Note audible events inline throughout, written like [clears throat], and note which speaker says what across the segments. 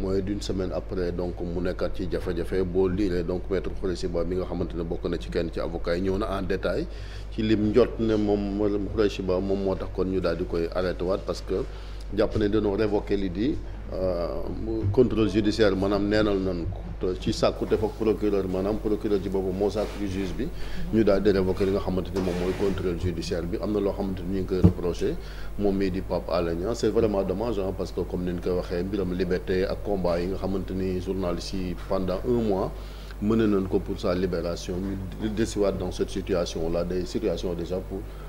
Speaker 1: mooy d'une semaine après donc mu nekkat ci jafe-jafe boo liiree donc maître Khoureyssi Ba bi nga xamante ne bokk na ci kenn ci avocat yi ñëw na en détail ci lim njot ne moom Khoureyssi Ba moom moo tax kon ñu daal di koy arrêté waat parce que japonais de nos révoquer li contre euh, contrôle judiciaire maanaam neenal non. si ci coûte te foog procureur maanaam procureur ci boobu moo du juge bi ñu daal di révoqué li nga xamante contrôle judiciaire bi am na loo ñu ngi koy reproché mon di Pape alain C'est vraiment dommage hein, parce que comme ni ñu koy waxee mbiram liberté à combat yi nga journaliste pendant un mois mené nañ ko pour sa libération ñu desiwaat dans cette situation là des situations déjà pour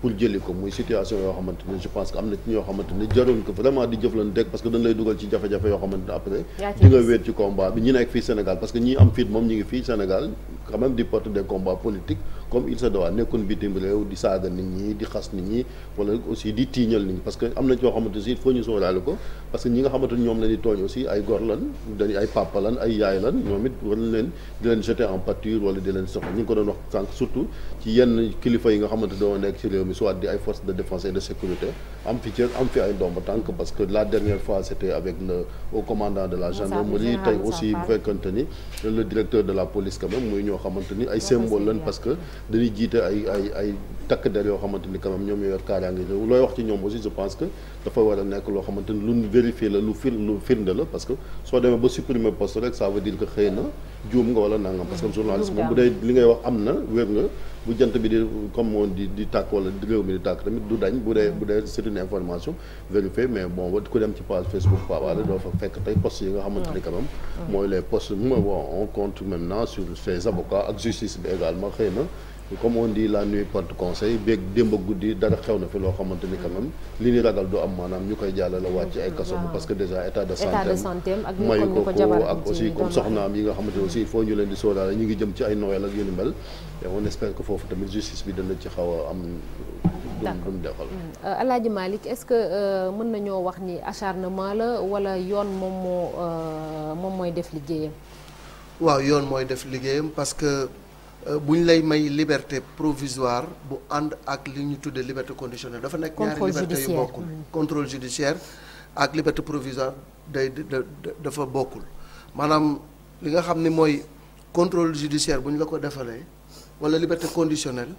Speaker 1: pour jëli ko muy situation yoo xamante ne je pense que am na ci ñoo xamante ne jaroon ko vraiment di jëflanteeg parce que dañ dugal ci jafe-jafe yoo xamante après di nga wéet ci combat bi ñi nekk fii Sénégal parce que ñi am fit moom ñi ngi fii Sénégal quand di porte des combats politiques comme il se doit nekkoon bitim réew di saaga nit ñi di xas nit ñi wala aussi di tiiñal nit ñi parce que am na ñoo xamante aussi il faut ñu sóoraale nga xamante ñoom la ñuy ay it war que la dernière fois c'était avec le haut commandant la gendarmerie tey aussi bu fekkante ni le symbole lan parce que dañuy jiite ay ay takk der yoo xamante ni quand même ñoom ñoo yor kaaraange réew looy wax ci ñoom aussi je pense que dafa war a nekk loo xamante ni luñ vérifier la lu fir lu firnde la parce que soo demee ba supprimer poste rek ça veut dire que xëy na juum nga wala nangam parce que mm-hmm. journaliste moom bu dee li ngay wax am na wér nga bu jant bi di comme moom di tàkk wala di réew mi di tàkk tamit du dañ bu dee bu dee c'est information vérifiée mais bon na comme on dit la nuit porte conseil bék démb goudi dara xewna fi lo xamanteni ni quand même li ni ragal du am manam ñukay koy jàllale wàcc ay kasso parce que déjà état de santé état de santé ak mayu ko ko ak aussi comme soxnaam yi nga xamante aussi fo ñu leen di sóoraale ñu ngi jëm ci ay Noël ak yu mel et on espère que fofu tamit justice bi dana ci xawa am dum defal mm. euh, Alaaji Malick est-ce que euh, mën nañoo wax ni acharnement la wala yoon moom moo euh, moom mooy def liggéeyam
Speaker 2: waaw yoon mooy def liggéeyam parce que euh, buñ lay may liberté provisoire bu and ak li ñu tuddee liberté conditionnelle dafa nekk ñaari liberté yu bokkul mm. contrôle judiciaire ak liberté provisoire day dafa bokkul maanaam li nga xam ne mooy contrôle judiciaire buñ la ko defalee wala liberté conditionnelle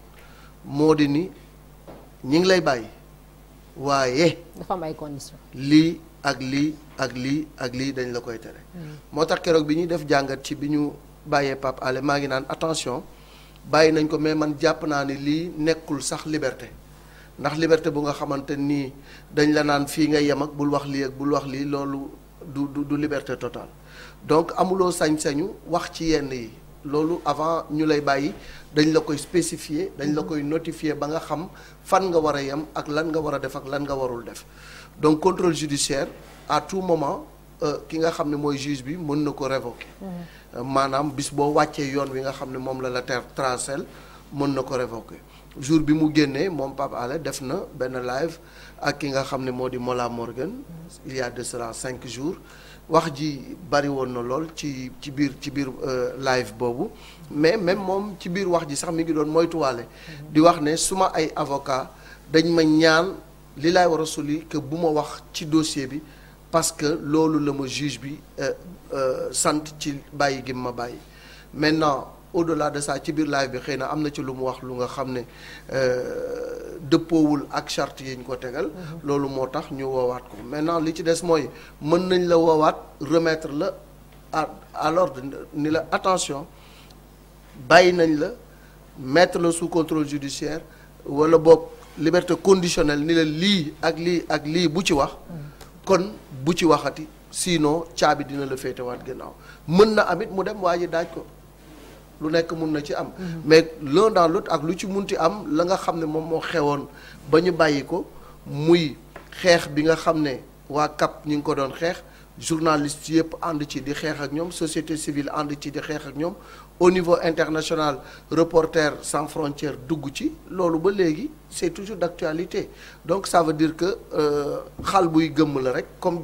Speaker 2: moo di ni ñi ngi lay bàyyi waaye dafa am ay conditions ak lii ak lii ak lii dañ la koy tere mm. moo tax keroog bi ñuy def jàngat ci bi baye Pape Alé maa attention baye nañ ko mais man japp na ni li nekul sax liberté ndax liberté bu nga xamanteni dañ la nan fi nga yam ak bul wax li ak bul wax li lolou du du du liberté totale donc amulo sañ-sañu wax ci yenn yi lolou avant ñu lay bayyi dañ la koy spécifier dañ la koy notifier ba nga xam fan nga wara yam ak lan nga wara def ak lan nga warul def donc contrôle judiciaire à tout moment euh, ki nga xamné moy juge bi mën nako révoquer. manam mm-hmm. euh, bis bo waccé yoon wi nga xamné ne la la terre transel, mën nako révoquer jour bi mu génnee mom Pape live ak ki nga xamné modi Mola Morgan mm-hmm. il y a de cela cinq jours wax ji bari woon na lool ci ci bir ci bir euh, live bobu mais même mom ci bir wax ji sax mi ngi doon moytuwaale mm-hmm. di wax né suma ay avocat dañ ma ñaan li laay war suli que wax ci dossier bi parce que lolu le juge bi euh, euh, sant ci baye gi ma maintenant au-delà de ça ci bir live bi xeyna amna ci lu mu wax lu nga euh de powul ak charte yi ko tegal mhm. lolu motax ñu woowaat ko maintenant li ci dess moy meun nañ la woowaat remettre la à à l'ordre ni la attention baye nañ la mettre le sous contrôle judiciaire wala boog liberté conditionnelle ni la li ak li ak li bu ci wax mhm. kon bu ci waxati sinon caabi dina la féetewaat gannaaw mën na amit mu dem waa waaye daaj ko lu nekk mun na ci am. Mhm. mais l'un dans l'autre ak lu ci munti am la nga xam ne moom moo xewoon ba ñu bàyyi ko muy xeex bi nga xam ne waa CAP ñu ngi ko doon xeex. journalistes yep civiles, ci société civile au niveau international Reporters sans frontières dugg c'est toujours d'actualité donc ça veut dire que euh, xal comme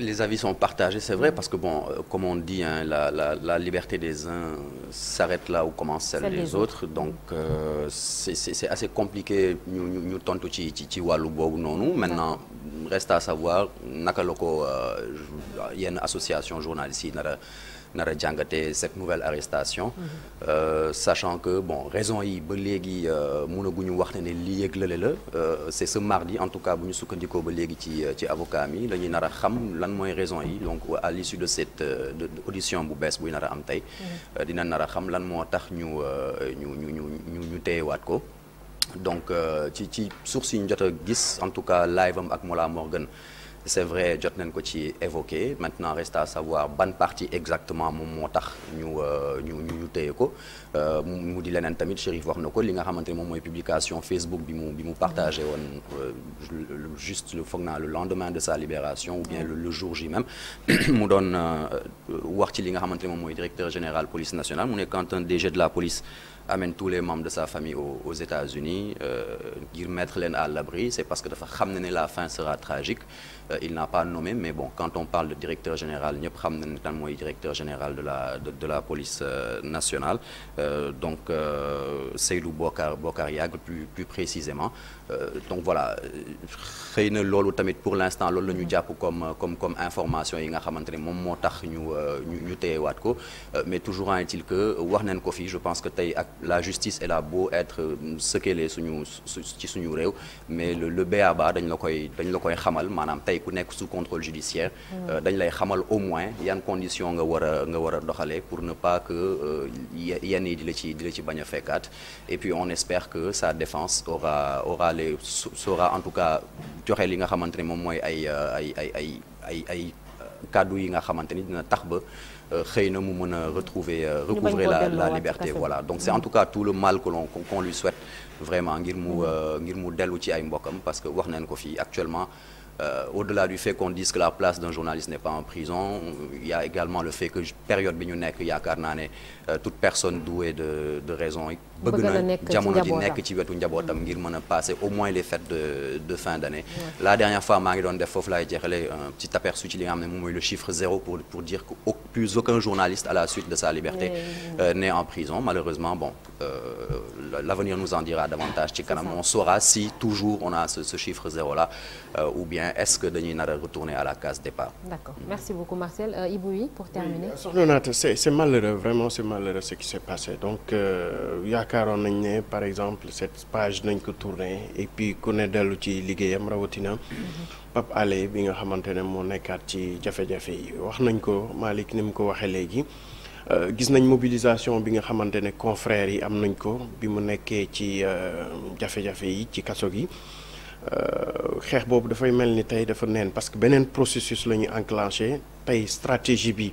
Speaker 3: les avis sont partagés, c'est vrai, parce que, bon, euh, comme on dit, hein, la, liberté des uns s'arrête là où commence celle, des, autres. Donc, euh, c'est assez compliqué. Nous, Maintenant, reste à savoir, il y a une association journaliste nar cette nouvelle arrestation mhm. euh, sachant que bon raison yi ba léegi euh, mënaguñu wax euh, c'est ce mardi en tout cas bu ñu sukkandikoo ba léegi ci euh, ci avocat mi la a xam lan mooy raison yi donc à l'issue de cette de, audition bu bees buy nar am mhm. dina nar a xam lan moo tax ñu ñu ñu ñu ñu teyewaat ko donc ci ci source yi gis en tout cas live am ak Mola Morgan c'est vrai jot évoqué maintenant reste à savoir bonne partie exactement mon euh, euh, tamit Facebook partagé euh, juste le le lendemain de sa libération ou bien le, jour J même [clears throat] mu police nationale on est quand un DG de la police amène tous les membres de sa famille aux, aux États-Unis ngir euh, mettre à l'abri c'est parce que de faire ramener la fin sera tragique euh, il n'a pas nommé mais bon quand on parle de directeur général ñëpp xam directeur général de la de, la police euh, nationale donc Seydou Bokar Bokar plus plus précisément donc voilà pour l'instant lolo la comme comme comme information il nga a un moom mon ñu ñu mais toujours en est-il que je pense que tu la justice est là beau être euh, ce qu'elle est suñu ci suñu réew mais le le béaba dañ la koy dañ la koy xamal manam tay ku nek sous contrôle judiciaire mm. euh, dañ lay xamal au moins yane condition nga wara nga wara doxale pour ne pas que euh, yane di la ci di la ci baña a et puis on espère que sa défense aura aura les sera en tout cas joxe li nga xamanteni mom moy ay ay ay ay ay ay yi nga xamanteni dina tax ba retrouver euh, recouvrer la liberté voilà donc c'est en mm. tout cas tout le mal que qu'on lui souhaite vraiment ngir mu mm. euh, ngir parce que actuellement euh, au-delà du fait qu'on dise que la place d'un journaliste n'est pas en prison, il y a également le fait que période bi il y a toute personne douée de de raison passé au moins les fêtes de de fin d'année la dernière fois maa ngi def foofu un petit aperçu il li nga le chiffre zéro pour pour dire que plus aucun journaliste à la suite de sa liberté euh, n'est en prison malheureusement bon euh, l'avenir nous en dira davantage on saura si toujours on a ce, chiffre zéro là euh, ou bien est-ce que Denis n'a retourner à la case départ
Speaker 1: d'accord mm. merci beaucoup Marcel Iboui, pour terminer
Speaker 4: oui, c'est malheureux vraiment c'est malheureux ce qui s'est passé donc yaakaaroon nañ ne par exemple cette page nañ ko tourner et puis ku ne dellu ci liggéeyam rawatina pap Alé bi nga xamante ne moo nekkaat ci jafe-jafe yi wax nañ ko malik ni mu ko waxee léegi euh, gis nañ mobilisation bi nga xamante ne confrères yi am nañ ko bi mu nekkee ci euh, jafe-jafe yi ci kaso gi euh, xeex boobu dafay mel ni tey dafa neen parce que beneen processus la ñu enclenché tey stratégie bi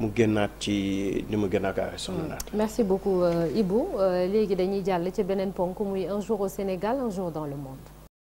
Speaker 4: mu génnaat ci ni mu gën a gaawee sunu hmm. naat
Speaker 1: merci beaucoup euh, Ibou euh, léegi dañuy jàll ci beneen ponk muy un jour au Sénégal un jour dans le monde